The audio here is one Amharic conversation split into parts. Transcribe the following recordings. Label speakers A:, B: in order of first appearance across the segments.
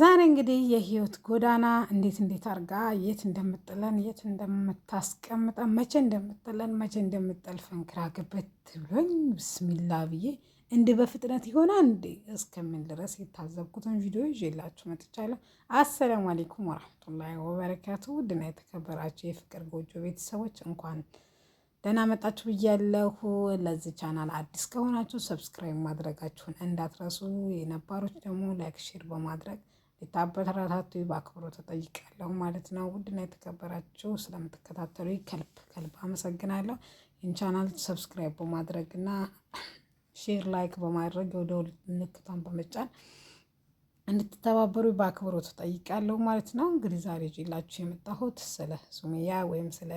A: ዛሬ እንግዲህ የህይወት ጎዳና እንዴት እንዴት አድርጋ የት እንደምጥለን የት እንደምታስቀምጠን መቼ እንደምጥለን መቼ እንደምጠልፈን ግራ ገብት ብሎኝ ብስሚላ ብዬ እንዲህ በፍጥነት ይሆና እንዴ እስከምን ድረስ የታዘብኩትን ቪዲዮ ይዤላችሁ መጥቻለሁ። አሰላሙ አሌይኩም ወራህመቱላሂ ወበረካቱ። ውድና የተከበራችሁ የፍቅር ጎጆ ቤተሰቦች እንኳን ደህና መጣችሁ ብያለሁ። ለዚህ ቻናል አዲስ ከሆናችሁ ሰብስክራይብ ማድረጋችሁን እንዳትረሱ፣ የነባሮች ደግሞ ላይክ ሼር በማድረግ ልታበረታቱ በአክብሮ ተጠይቃለሁ ማለት ነው። ውድና የተከበራችሁ ስለምትከታተሉ ከልብ ከልብ አመሰግናለሁ። ይህን ቻናል ሰብስክራይብ በማድረግ እና ሼር ላይክ በማድረግ የደወል ምልክቷን በመጫን እንድትተባበሩ በአክብሮ ተጠይቃለሁ ማለት ነው። እንግዲህ ዛሬ ይዤላችሁ የመጣሁት ስለ ሱመያ ወይም ስለ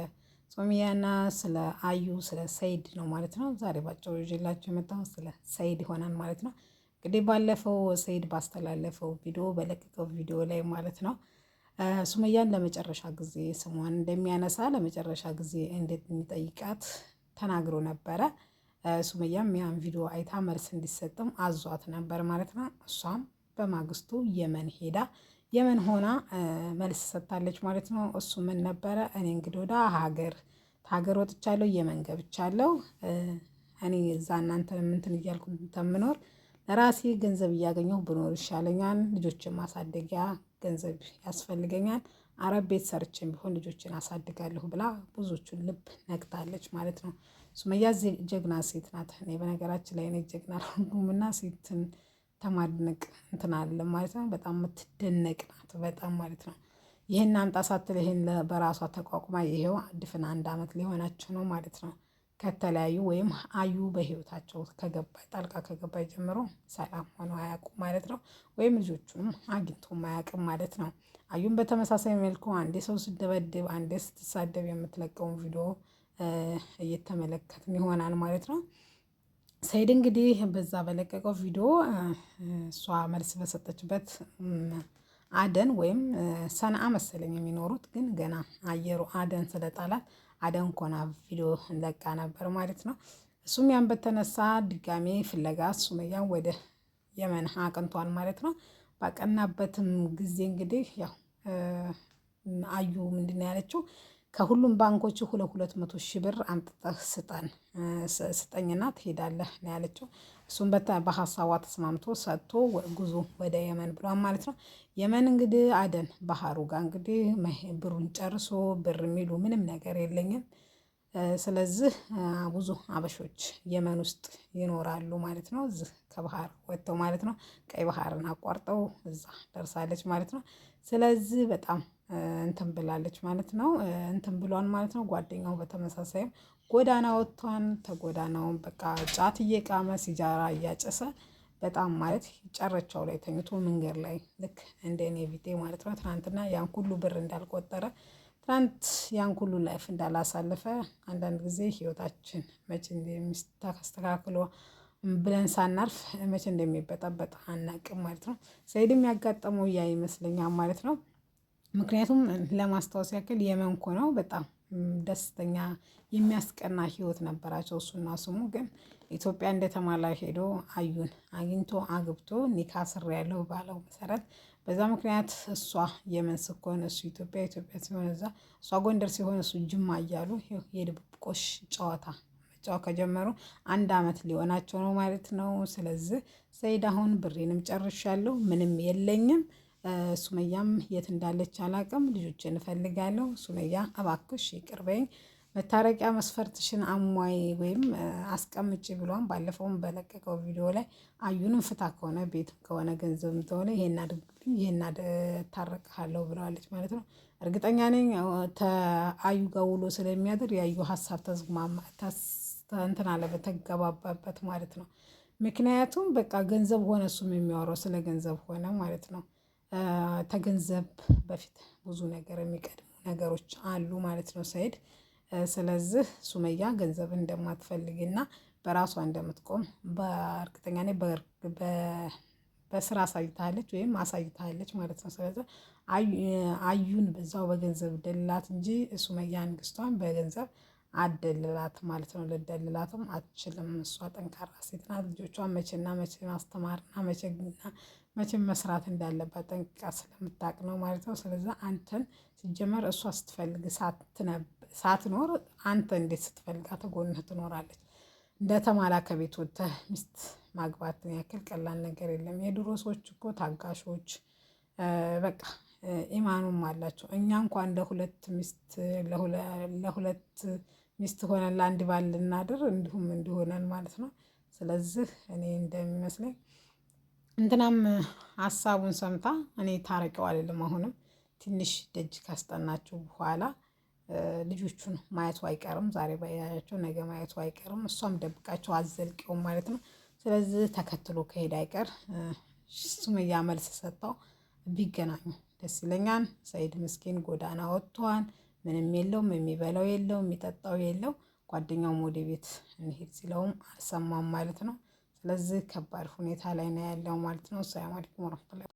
A: ሱመያና ስለ አዩ ስለ ሰይድ ነው ማለት ነው። ዛሬ ባጭሩ ይዤላችሁ የመጣሁት ስለ ሰይድ ይሆናል ማለት ነው። እንግዲህ ባለፈው ሰይድ ባስተላለፈው ቪዲዮ በለቀቀው ቪዲዮ ላይ ማለት ነው ሱመያን ለመጨረሻ ጊዜ ስሟን እንደሚያነሳ ለመጨረሻ ጊዜ እንደሚጠይቃት ተናግሮ ነበረ። ሱመያም ያን ቪዲዮ አይታ መልስ እንዲሰጥም አዟት ነበር ማለት ነው። እሷም በማግስቱ የመን ሄዳ የመን ሆና መልስ ሰጥታለች ማለት ነው። እሱ ምን ነበረ? እኔ እንግዲህ ወደ ሀገር ሀገር ወጥቻለሁ፣ የመን ገብቻለሁ። እኔ እዛ እናንተ ምንትን እያልኩ ተምኖር ለራሴ ገንዘብ እያገኘሁ ብኖር ይሻለኛል። ልጆችን ማሳደጊያ ገንዘብ ያስፈልገኛል። አረብ ቤት ሰርቼም ቢሆን ልጆችን አሳድጋለሁ ብላ ብዙዎቹን ልብ ነግታለች ማለት ነው። ሱመያ ጀግና ሴት ናት። እኔ በነገራችን ላይ እኔ ጀግና አልሆንኩምና ሴትን ተማድነቅ እንትን አለም ማለት ነው። በጣም የምትደነቅ ናት በጣም ማለት ነው። ይህን አምጣ ሳትል ይህን በራሷ ተቋቁማ ይሄው ድፍን አንድ አመት ሊሆናቸው ነው ማለት ነው። ከተለያዩ ወይም አዩ በህይወታቸው ከገባ ጣልቃ ከገባ ጀምሮ ሰላም ሆኖ አያውቁም ማለት ነው። ወይም ልጆቹንም አግኝቶም አያውቅም ማለት ነው። አዩን በተመሳሳይ መልኩ አንዴ ሰው ስደበድብ፣ አንዴ ስትሳደብ የምትለቀውን ቪዲዮ እየተመለከትን ይሆናል ማለት ነው። ሰይድ እንግዲህ በዛ በለቀቀው ቪዲዮ እሷ መልስ በሰጠችበት አደን ወይም ሰንአ መሰለኝ የሚኖሩት ግን ገና አየሩ አደን ስለጣላት አደንኮና ቪዲዮ ለቃ ነበር ማለት ነው። እሱም ያን በተነሳ ድጋሜ ፍለጋ ሱመያን ወደ የመን አቅንቷል ማለት ነው። ባቀናበትም ጊዜ እንግዲህ ያው አዩ ምንድን ነው ያለችው ከሁሉም ባንኮች ሁለት ሁለት መቶ ሺህ ብር አምጥተህ ስጠን ስጠኝና ትሄዳለህ ነው ያለችው። እሱም በሀሳቧ ተስማምቶ ሰጥቶ ጉዞ ወደ የመን ብሏል ማለት ነው። የመን እንግዲህ አደን ባህሩ ጋር እንግዲህ ብሩን ጨርሶ ብር የሚሉ ምንም ነገር የለኝም። ስለዚህ ብዙ አበሾች የመን ውስጥ ይኖራሉ ማለት ነው። እዚህ ከባህር ወጥተው ማለት ነው። ቀይ ባህርን አቋርጠው እዛ ደርሳለች ማለት ነው። ስለዚህ በጣም እንትን ብላለች ማለት ነው። እንትን ብሏን ማለት ነው። ጓደኛው በተመሳሳይም ጎዳና ወጥቷን ተጎዳናውን በቃ ጫት እየቃመ ሲጃራ እያጨሰ በጣም ማለት ጨረቻው ላይ ተኝቶ መንገድ ላይ ልክ እንደ እኔ ቢጤ ማለት ነው። ትናንትና ያን ሁሉ ብር እንዳልቆጠረ ትናንት ያን ሁሉ ላይፍ እንዳላሳለፈ አንዳንድ ጊዜ ህይወታችን መቼ እንደሚስተካከለ ብለን ሳናርፍ መቼ እንደሚበጣበጥ አናቅም ማለት ነው። ሰይድም ያጋጠመው ያ ይመስለኛል ማለት ነው። ምክንያቱም ለማስታወስ ያክል የመንኮ ነው በጣም ደስተኛ የሚያስቀና ህይወት ነበራቸው። እሱና ስሙ ግን ኢትዮጵያ እንደተማላ ሄዶ አዩን አግኝቶ አግብቶ ኒካ ስር ያለው ባለው መሰረት በዛ ምክንያት እሷ የመን ስኮን እሱ ኢትዮጵያ ኢትዮጵያ ሲሆን እዛ እሷ ጎንደር ሲሆን እሱ ጅማ እያሉ የድብብቆሽ ጨዋታ መጫወት ከጀመሩ አንድ አመት ሊሆናቸው ነው ማለት ነው። ስለዚህ ሰይድ አሁን ብሬንም ጨርሻለሁ፣ ምንም የለኝም ሱመያም የት እንዳለች አላቅም። ልጆች እንፈልጋለሁ። ሱመያ እባክሽ ይቅር መታረቂያ መስፈርትሽን አሟይ ወይም አስቀምጭ ብሏን። ባለፈውም በለቀቀው ቪዲዮ ላይ አዩንም ፍታ ከሆነ ቤት ከሆነ ገንዘብም ከሆነ ይሄና ታረቅሃለሁ ብለዋለች ማለት ነው። እርግጠኛ ነኝ ተአዩ ጋር ውሎ ስለሚያድር ያዩ ሀሳብ ተዝማማእንትን አለ በተገባባበት ማለት ነው። ምክንያቱም በቃ ገንዘብ ሆነ እሱም የሚያወራው ስለ ገንዘብ ሆነ ማለት ነው። ከገንዘብ በፊት ብዙ ነገር የሚቀድሙ ነገሮች አሉ ማለት ነው ሰኢድ። ስለዚህ ሱመያ ገንዘብ እንደማትፈልግና በራሷ እንደምትቆም በእርግጠኛ በስራ አሳይታለች ወይም አሳይታለች ማለት ነው። ስለዚህ አዩን በዛው በገንዘብ ደልላት እንጂ ሱመያ ንግስቷን በገንዘብ አደልላት ማለት ነው። ልደልላትም አትችልም። እሷ ጠንካራ ሴት ናት። ልጆቿን መቼና መቼ ማስተማርና መቼና መቼም መስራት እንዳለባት ጠንቅቃ ስለምታቅ ነው ማለት ነው። ስለዚ አንተን ሲጀመር እሷ ስትፈልግ ሳትኖር አንተ እንዴት ስትፈልጋ ተጎንህ ትኖራለች። እንደተማላ ከቤት ወጥተህ ሚስት ማግባትን ያክል ቀላል ነገር የለም። የድሮ ሰዎች እኮ ታጋሾች በቃ ኢማኑም አላቸው። እኛ እንኳን ለሁለት ሚስት ለሁለት ሚስት ሆነን ለአንድ ባል ልናድር እንዲሁም እንዲሆነን ማለት ነው። ስለዚህ እኔ እንደሚመስለኝ እንትናም ሀሳቡን ሰምታ እኔ ታረቂው አልልም። አሁንም ትንሽ ደጅ ካስጠናችሁ በኋላ ልጆቹን ማየቱ አይቀርም። ዛሬ ባያቸው ነገ ማየቱ አይቀርም። እሷም ደብቃቸው አዘልቂውም ማለት ነው። ስለዚህ ተከትሎ ከሄድ አይቀር ሱመያ መልስ ሰጥተው ቢገናኙ ደስ ይለኛል። ሰይድ ምስኪን ጎዳና ወጥቷል። ምንም የለውም፣ የሚበላው የለው፣ የሚጠጣው የለው። ጓደኛውም ወደ ቤት እንሄድ ሲለውም አልሰማም ማለት ነው። ስለዚህ ከባድ ሁኔታ ላይ ነው ያለው ማለት ነው። ሰላም አለይኩም